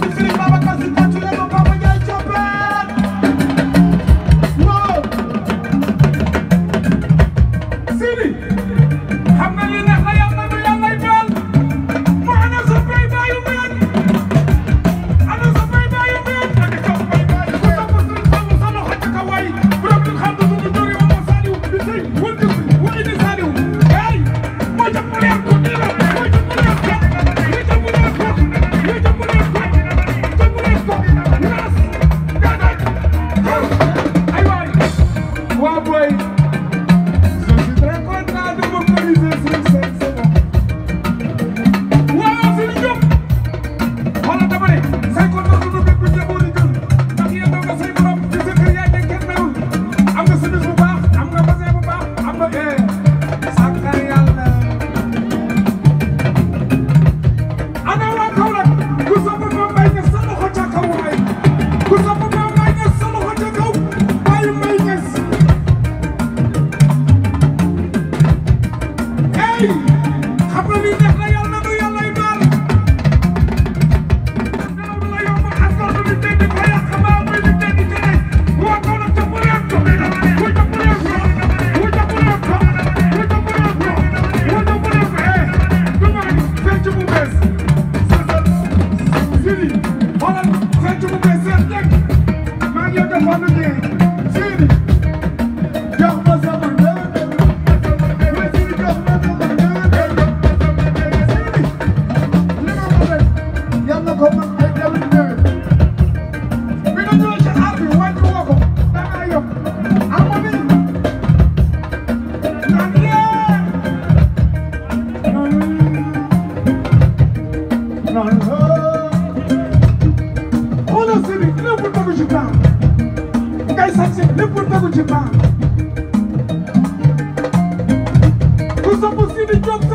Sëriñ Babacar may sañse lépp tegu ci temps ku sopp Sidy Diop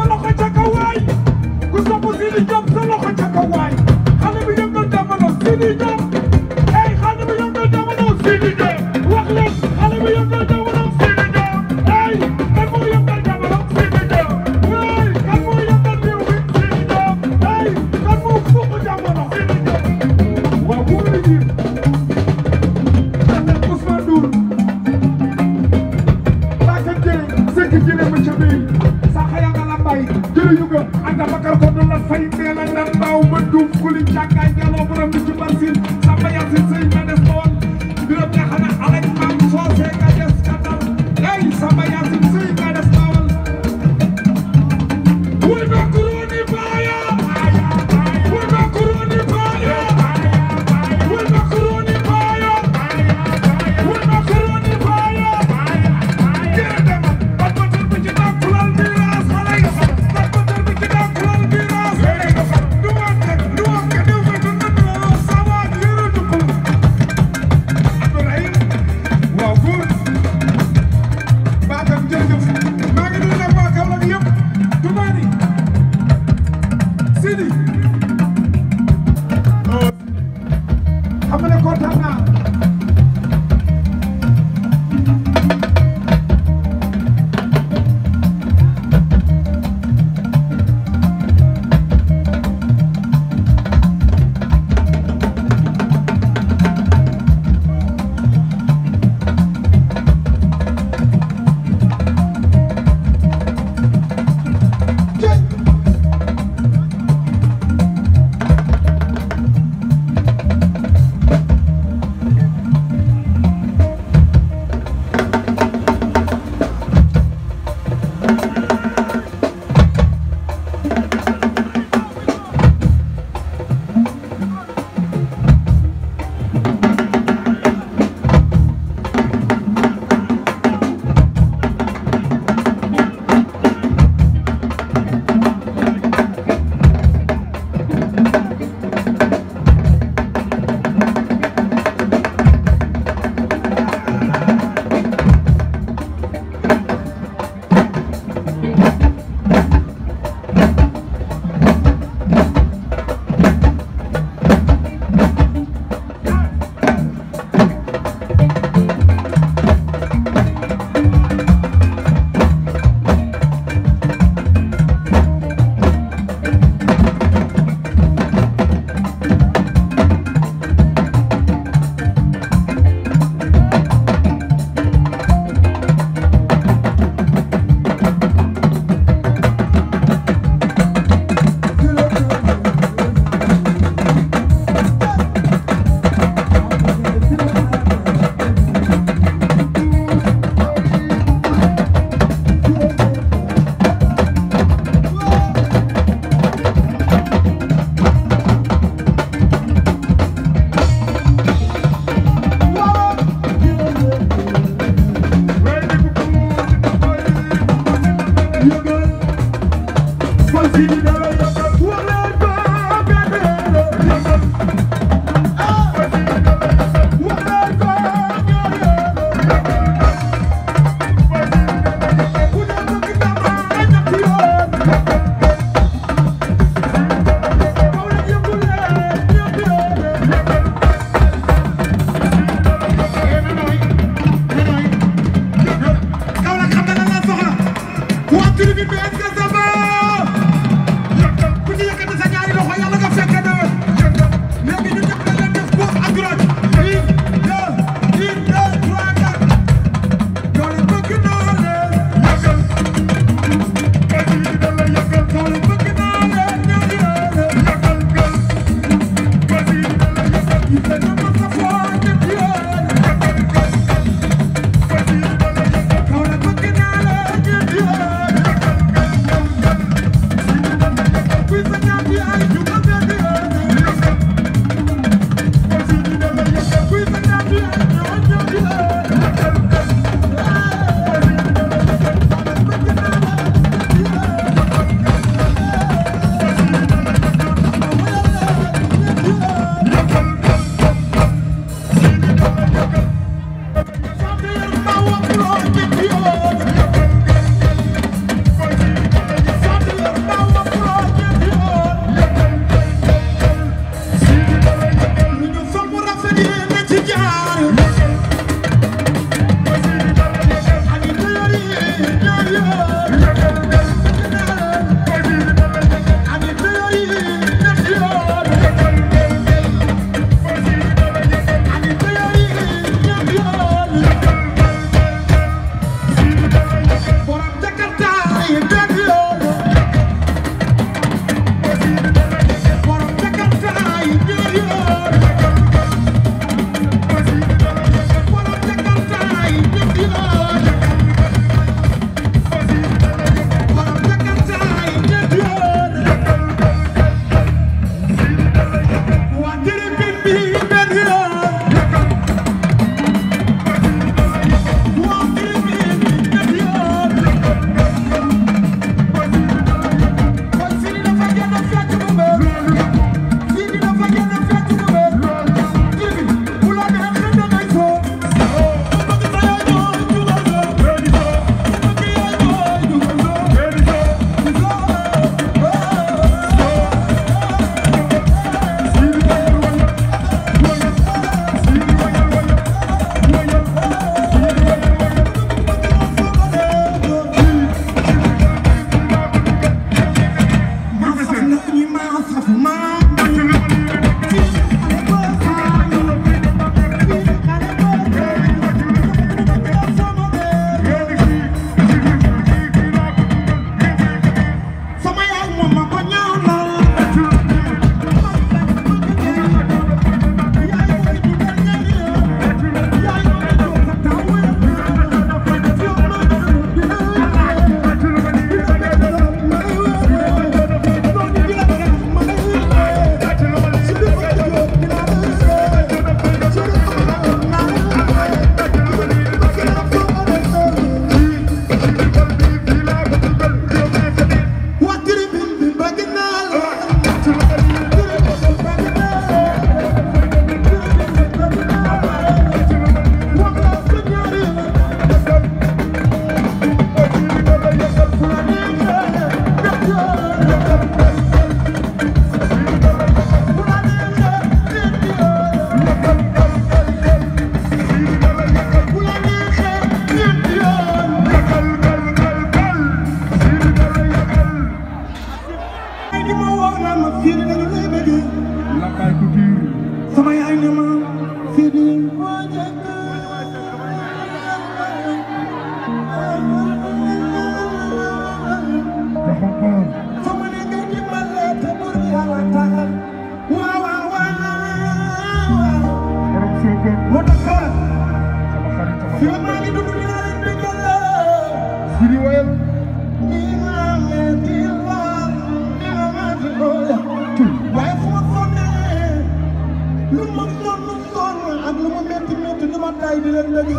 yi di leen bëgg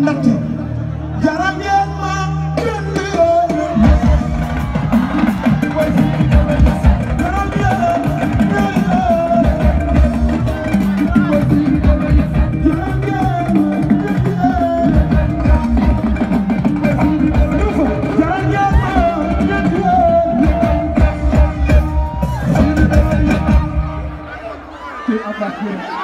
ndaxte jaram ngeen ma Thank you.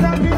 Thank you.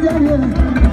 Tidiane